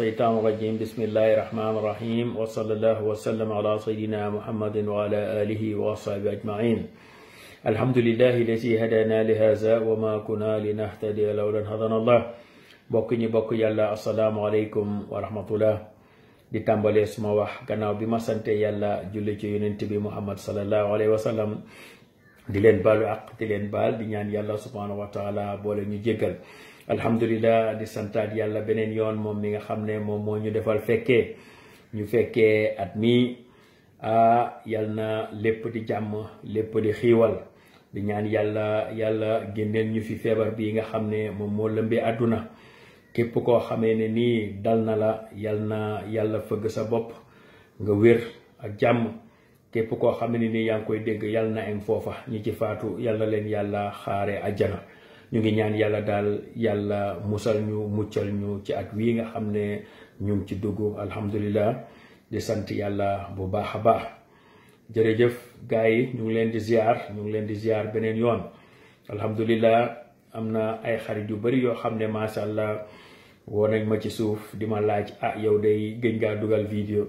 شيطان الرجيم بسم الله الرحمن الرحيم وصلى الله وسلم على سيدنا محمد وعلى آله وصحبه أجمعين الحمد لله الذي هدانا لهذا وما كنا لنهتدي لولا هدانا الله بوكني بوكي الله السلام عليكم ورحمة الله دي تامبالي سموح كنا بما سنتي الله جلجي ينتبي محمد صلى الله عليه وسلم دي لين بالو عق دي لين بال دي نيان الله سبحانه وتعالى بولي نجيكل alhamdulillah di santaat yalla benen yon moom mi nga xamne mom moom ñu defal fekke ñu fekke at mi a yalna lepp di jamm lepp di xiwal di ñaan yalla yalla gennel ñu fi febar bi nga xamne mom moom lembe aduna kep ko xamé ne nii dal la yalna yalla yàlla fëgg sa bop nga wër ak jamm kep ko xamé ni yang koy dégg yalna na fofa ñi ci faatu yalla len yalla xaare aljana ñu ngi ñaan yàlla daal yàlla musal ñu muccal ñu ci at wii nga xam ne ñu ngi ci dugg alhamdulilah di sant yàlla bu baax a baax jërëjëf gars yi ñu ngi leen di ziar ñu ngi leen di ziar beneen yoon alhamdulilah am na ay xarit yu bari yoo xam ne macha allah woo nañ ma ci suuf di ma laaj ah yow day gëj ngaa dugal vidéo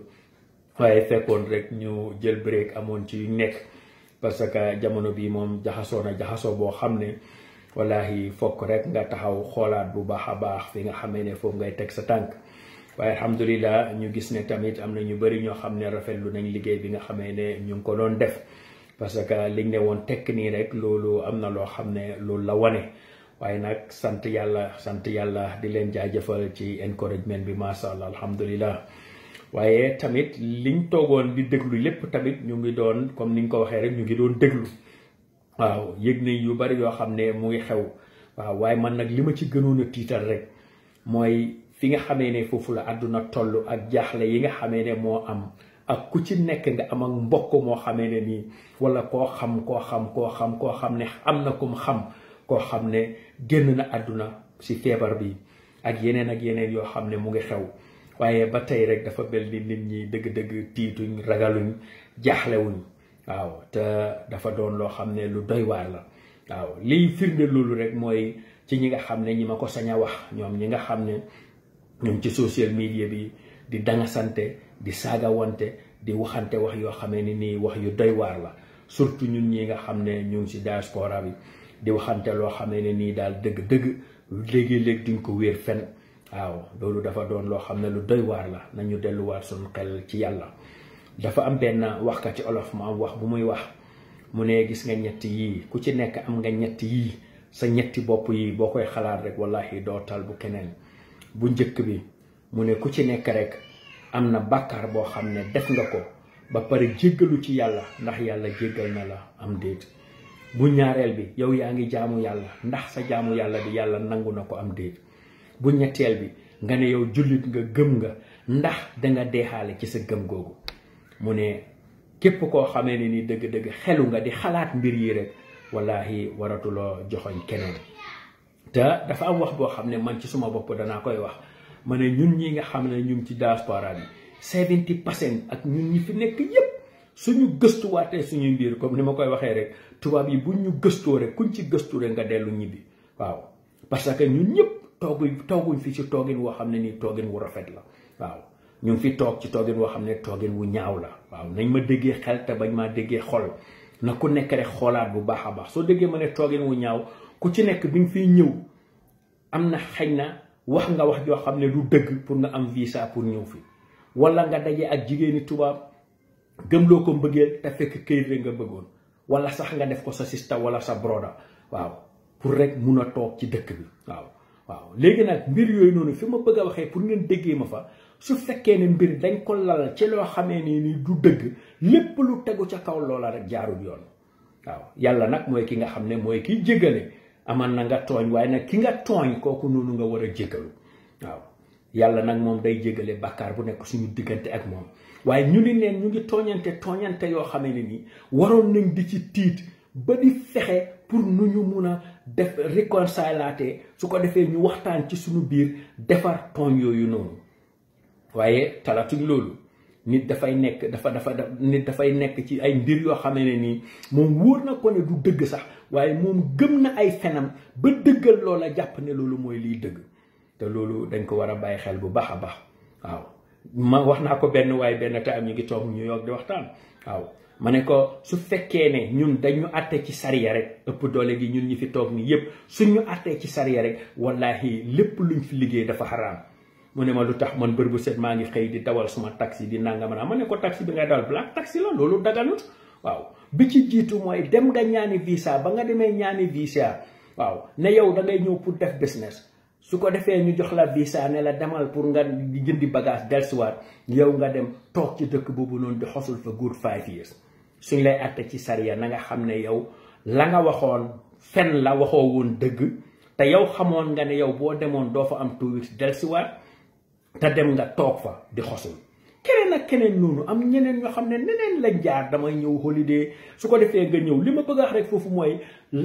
waaye fekkoon rek ñu jël break amoon ci nekk parce que jamono bii moom jaxasoo na jaxasoo boo xam ne. wallahi fokk rek nga taxaw xoolaat bu baax a baax fi nga xamee ne foofu ngay teg sa tànk waaye alhamdulilah ñu gis ne tamit am na ñu bëri ñoo xam ne rafetlu nañu liggéey bi nga xamee ne ñu ngi ko doon def parce que liñ ne woon tekk nii rek loolu am na loo xam ne loolu la wane waaye nag sant yàlla sant yàlla di leen jaajëfal ci encouragement bi macha allah alhamdulilah. waaye tamit liñ toogoon di déglu lépp tamit ñu ngi doon comme ni nga ko waxee rek ñu ngi doon déglu. waaw yëg nañ yu bari yoo xam ne mu ngi xew waaw waaye man nag li ma ci gënoon a tiital rek mooy fi nga xame ne foofu la àdduna toll ak jaaxle yi nga xamee ne moo am ak ku ci nekk nga am ak mbokk moo xamee ne nii walla koo xam koo xam koo xam koo xam ne am na kom xam koo xam ne génn na àdduna ci feebar bi ak yeneen ak yeneen yoo xam ne mu ngi xew waaye ba tey rek dafa mel di nit ñi dëgg-dëgg tiituñ ragaluñ jaaxlewuñ waaw te dafa doon loo xam ne lu doy waar la waaw liy firnde loolu rek mooy ci ñi nga xam ne ñi ma ko sañ a wax ñoom ñi nga xam ne ñoom ci social media bi di dangasante di saagawante di waxante wax yoo xamee ni nii wax yu doy la surtout ñun ñi nga xam ne ñu ngi si diaspora bi di waxante loo xamee ne nii daal dëgg-dëgg léegi-léeg duñ ko wéer fenn waaw loolu dafa doon loo xam ne lu doy waar la nañu delluwaat suñu xel ci yàlla dafa am benn waxkat ci olof ma am wax bu muy wax mu ne gis nga ñett yii ku ci nekk am nga ñett yii sa ñetti bopp yii boo koy xalaat rek wallahi dootal bu keneen bu njëkk bi mu ne ku ci nekk rek am na bàkkaar boo xam ne def nga ko ba pare jéggalu ci yàlla ndax yàlla jéggal na la am déet bu ñaareel bi yow yaa ngi jaamu yàlla ndax sa jaamu yàlla bi yàlla nangu na ko am déet bu ñetteel bi nga ne yow jullit nga gëm nga ndax danga deexaale ci sa gëm mu ne képp koo xamee ne ni dëgg-dëgg xelu nga di xalaat mbir yi rek wallahi waratuloo joxoñ keneen te dafa am wax boo xam ne man ci suma bopp danaa koy wax ma ne ñun ñi nga xam ne ñun ci diaspora bi 70 percent ak ñun ñi fi nekk yépp suñu gëstuwaatee suñuy mbir comme ni ma koy waxee rek tubaab yi bu ñu gëstoo rek kuñ ci gëstu rek nga dellu ñibbi waaw parce que ñun ñëpp tooguñ tooguñ fi ci toogin woo xam ne nii toogin wu rafet la waaw ñu ngi fi toog ci toogin woo xam ne toogin wu ñaaw la waaw nañ ma déggee xel te bañ maa déggee xol na ku nekk rek xoolaat bu baax a baax soo déggee ma ne toogin wu ñaaw ku ci nekk bi nga fiy ñëw am na xëy na wax nga wax joo xam ne du dëgg pour nga am visa pour ñëw fi wala nga daje ak jigéeni tubaab gëm loo ko bëggee te fekk këyit rek nga bëggoon wala sax nga def ko sa sista wala sa broda waaw pour rek mun a toog ci dëkk bi waaw waaw léegi nag mbir yooyu noonu fi ma bëgg a waxee pour ngeen déggee ma fa su fekkee ne mbir dañ ko lal ci loo xamee ne ni du dëgg lépp lu tegu ca kaw loola rek jaarul yoon waaw yàlla nag mooy ki nga xam ne mooy kiy jéggale aman na nga tooñ waaye nag ki nga tooñ kooku noonu nga war a jéggalu waaw yàlla nag moom day jéggale bàkkaar bu nekk suñu diggante ak moom waaye ñu ni neen ñu ngi tooñante tooñante yoo xamee ni nii waroon nañ di ci tiit ba di fexe pour nu ñu mun a def réconciliaté su ko defee ñu waxtaan ci suñu biir defar pont yooyu noonu waaye talatuñ loolu nit dafay nekk dafa dafa nit dafay nekk ci ay mbir yoo xam ne nii moom wóor na ko ne du dëgg sax waaye moom gëm na ay fenam ba dëggal loola jàpp ne loolu mooy liy dëgg te loolu dañ ko war a bàyyi xel bu baax a baax waaw ma wax naa ko benn waaye benn taam ñu ngi toog ñu yokk di waxtaan waaw maneko ko su fekkee ne ñun dañu atté ci sariya rek ëpp doole gi ñun ñi fi tok ni yépp suñu atté ci sariya rek wallahi lépp luñ fi liggé dafa haram mune ma lutax man bërbu set ngi xey di dawal suma taxi di nangam na ma ko taxi bi nga dal black taxi la lolu daganut waaw bi ci jitu moy dem nga ñaani visa ba nga démé ñaani visa waaw ne yow da ngay ñëw pour def business su ko defee ñu jox la visa ne la demal pour nga jëndi bagage delsuwaat yow nga dem tok ci dëkk bobu non di xosul fa good five years suñ lay àtte ci sariya na nga xam ne yow la nga waxoon fen la waxoo woon dëgg te yow xamoon nga ne yow boo demoon doo fa am two weeks dellusiwaat te dem nga toog fa di xosul keneen ak keneen noonu am ñeneen ñoo xam ne neneen lañ jaar damay ñëw holiday su ko defee nga ñëw li ma bëgg a wax rek foofu mooy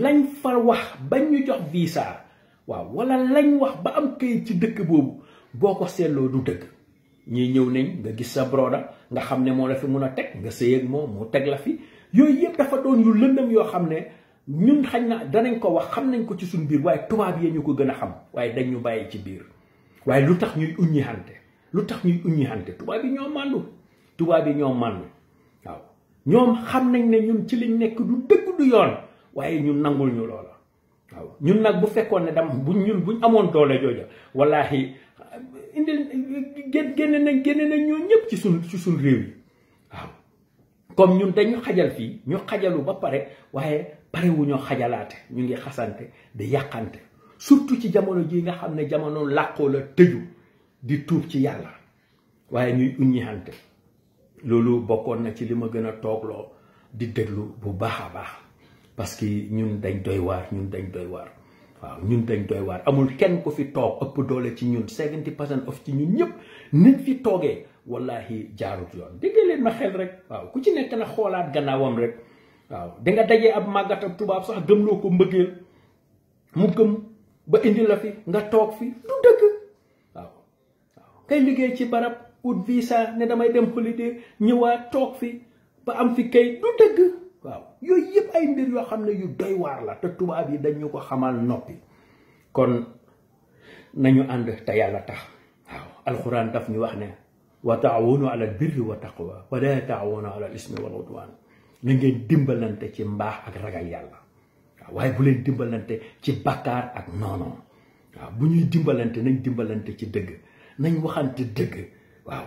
lañ fa wax bañ ñu jox visa waaw wala lañ wax ba am këyit ci dëkk boobu boo ko seetloo du dëgg ñii ñëw nañ nga gis sa broda nga xam ne moo la fi mun a teg nga sëy ak moom mu teg la fi yooyu yëpp dafa doon yu lëndëm yoo xam ne ñun xañ na danañ ko wax xam nañ ko ci suñ biir waaye tubaab yee ñu ko gën a xam waaye dañ ñu bàyyi ci biir waaye lu tax ñuy uññi hante lu tax ñuy uññi hante tubaab yi ñoo màndu tubaab yi ñoo màndu waaw ñoom xam nañ ne ñun ci liñ nekk du dëgg du yoon waaye ñun nangul ñu loola waaw ñun nag bu fekkoon ne dam bu ñun buñ amoon doole jooja wallaahi indil génne nañ génne nañ ñoo ñëpp ci suñ ci suñ réew yi waaw comme ñun dañu xajal fii ñu xajalu ba pare waaye pare xajalaate ñu ngi xasante di yàqante surtout ci jamono jii nga xam ne jamono làqoo la tëju di tuub ci yàlla waaye ñuy uññixante loolu bokkoon na ci li ma gën a toogloo di déglu bu baax a baax parce que ñun dañ doy waar ñun dañ doy waar waaw ñun dañ doy waar amul kenn ku fi toog ëpp doole ci ñun 70 percent of ci ñun ñëpp niñ fi toogee wallahi jaarut yoon dégg leen ma xel rek waaw ku ci nekk na xoolaat gannaawam rek waaw dinga dajee ab màggat ab tubaab sax gëmloo ko mbëggeel mu gëm ba indi la fi nga toog fi du dëgg waaw waaw kay liggéey ci barab ut visa ne damay dem holiday ñëwaat toog fi ba am fi kay du dëgg yooyu yëpp ay mbir yoo xam ne yu doy waar la te tubaab yi dañu ko xamal noppi kon nañu ànd te yàlla tax waaw alxuraan daf ñu wax ne wa taawunu ala albirri wa taqwa wala taawunu ala ismi ci mbaax ak yàlla waaw waaye bu leen dimbalante ci bakkaar ak noonoon waaw bu ñuy dimbalante nañ dimbalante ci dëgg nañ waxante dëgg waaw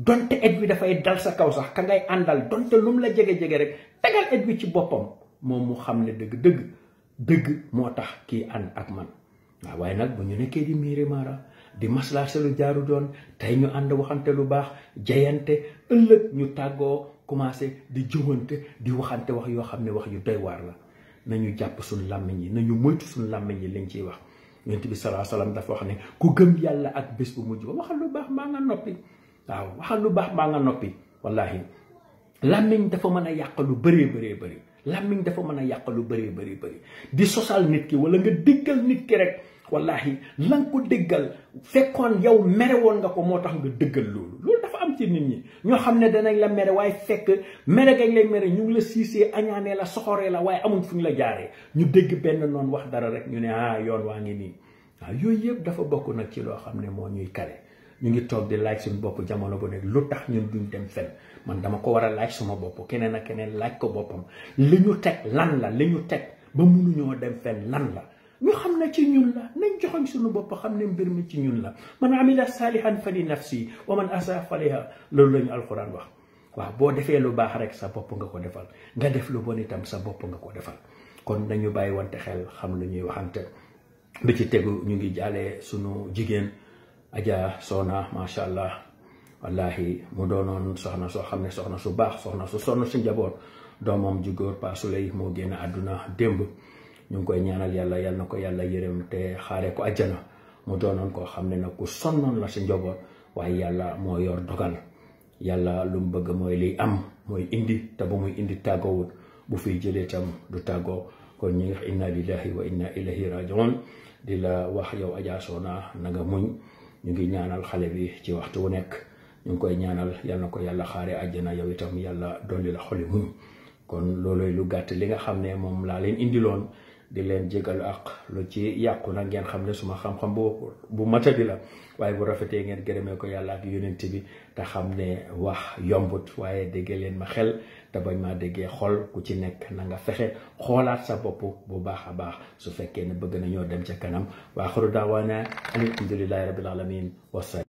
donte et wi dafay dal sa kaw sax ka ngay àndal donte lu la jege-jege rek tegal et bi ci boppam moom mu xam ne dëgg dëgg dëgg moo tax kii ànd ak man waaw waaye nag bu ñu nekkee di miire di maslaa selu jaaru doon tey ñu ànd waxante lu baax jayante ëllëg ñu tàggoo commencé di jëwante di waxante wax yoo xam ne wax yu doy waar la nañu jàpp suñu làmmiñ yi nañu moytu suñu làmmiñ yi lañ ciy wax yonent bi salaa salaam dafa wax ne ku gëm yàlla ak bés bu mujj ba waxal lu baax maa nga noppi waaw waxal lu baax maa nga noppi wallahi làmmiñ dafa mën a yàq lu bëree bëree bëri làmmiñ dafa mën a yàq lu bëree bëri bëri di sosal nit ki wala nga dëggal nit ki rek wallahi la ko déggal fekkoon yow mere woon nga ko moo tax nga dëggal loolu loolu dafa am ci nit ñi ñoo xam ne danañ la mere waaye fekk mere gañ lay mere ñu ngi la siisee añaanee la soxoree la waaye amuñ fu ñu la jaaree ñu dégg benn noonu wax dara rek ñu ne ah yoon waa ngi nii waaw yooyu yëpp dafa bokk nag ci loo xam ne moo ñuy kare ñu ngi toog di laaj suñu bopp jamono bu nekk lu tax ñu duñ dem fenn man dama ko war a laaj suma bopp keneen ak keneen laaj ko boppam li ñu teg lan la li ñu teg ba mënuñoo dem fenn lan la ñu xam ne ci ñun la nañ joxoñ suñu bopp xam ne mbir mi ci ñun la man amila saalihan fa li nafsi wa man asa faliha loolu la ñu alquran wax waaw boo defee lu baax rek sa bopp nga ko defal nga def lu bon itam sa bopp nga ko defal kon nañu bàyyi wante xel xam lu ñuy waxante ci tegu ñu ngi jaalee sunu jigéen Aja sona macha allah wallahi mu doonoon soxna so xamne soxna su bax soxna su sonn si njaboot doomam ju gor Pa Souley mo gene aduna demb ñu ngi koy ñaanal yalla yalla nako yalla yereem te xare ko aljana mu doonoon non la si jabor way yalla mo yor dogal yalla lu mu bëgg mooy am moy indi ta bu muy indi tàggoowut bu fi jele tam du tago ko ñi inna lillahi wa inna ilahi rajiun dila wax yow Aja sona na nga muñ ñu ngi ñaanal xale bi ci waxtu wu nekk ñu ngi koy ñaanal yal na ko yàlla xaare àjjana yow itam yàlla dolli la xoli muñ kon looloy lu gàtt li nga xam ne moom laa leen indiloon di leen jégalu ak lu ci yàqu nag ngeen xam ne suma xam-xam bu bu matadi la waaye bu rafetee ngeen gërëmee ko yàlla ak yonent bi te xam ne wax yombut waaye dégg leen ma xel te bañ maa déggee xol ku ci nekk na nga fexe xoolaat sa bopp bu baax a baax su fekkee ne bëgg na nañoo dem ca kanam waa xaru daawaana alhamdulillahi rabbil alamin wasalaam